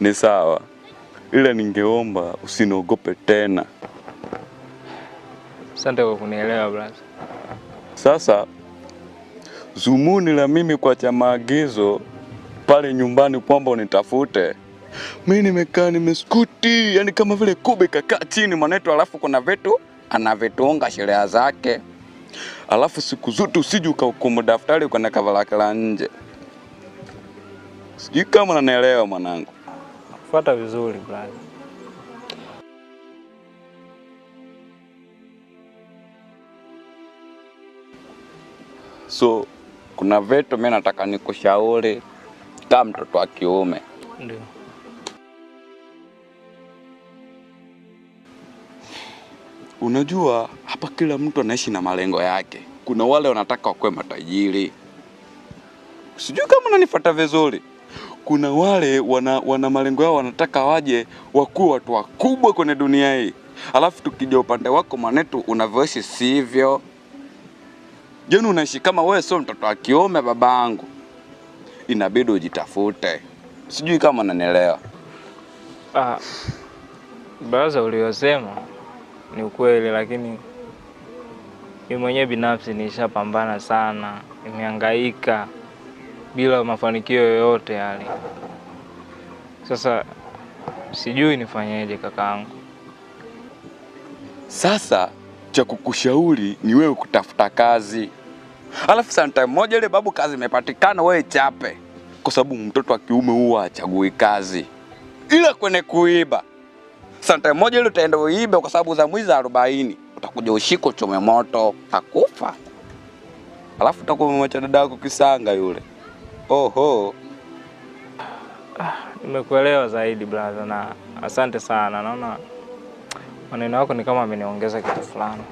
ni sawa, ila ningeomba usiniogope tena. Asante kwa kunielewa brother. Sasa zumuni la mimi kuacha maagizo pale nyumbani kwamba unitafute mi nimekaa nimeskuti, yani kama vile kube kakaa chini mwanetu, alafu kuna vitu anavitunga sheria zake, alafu siku zote usije ukahukumu daftari kwenda kavalakala nje. Sijui kama unanielewa mwanangu. Fuata vizuri brother. So kuna vitu mimi nataka nikushauri kama mtoto wa kiume. Ndio. Unajua hapa kila mtu anaishi na malengo yake. Kuna wale wanataka wakuwe matajiri. Sijui kama unanifuata vizuri kuna wale wana, wana malengo yao, wanataka waje wakuwe watu wakubwa kwenye dunia hii, alafu tukija upande wako mwanetu, unavyoishi sivyo. Jeni unaishi kama wewe sio mtoto wa kiume yangu inabidi ujitafute. Sijui kama unanielewa. Ah, baraza uliyosema ni ukweli, lakini mimi mwenyewe binafsi nishapambana sana, nimehangaika bila mafanikio yoyote yale. Sasa sijui nifanyeje kakaangu. Sasa cha kukushauri ni wewe kutafuta kazi, alafu santa moja ile babu, kazi imepatikana, wewe chape, kwa sababu mtoto wa kiume huwa achagui kazi ila kwenye kuiba. Santa moja ile utaenda uibe, kwa sababu za mwizi arobaini utakuja ushiko chome moto akufa, alafu utakuwa umemwacha dada yako kisanga yule. Oho, nimekuelewa zaidi brother, na asante sana. Naona maneno yako ni kama ameniongeza kitu fulani.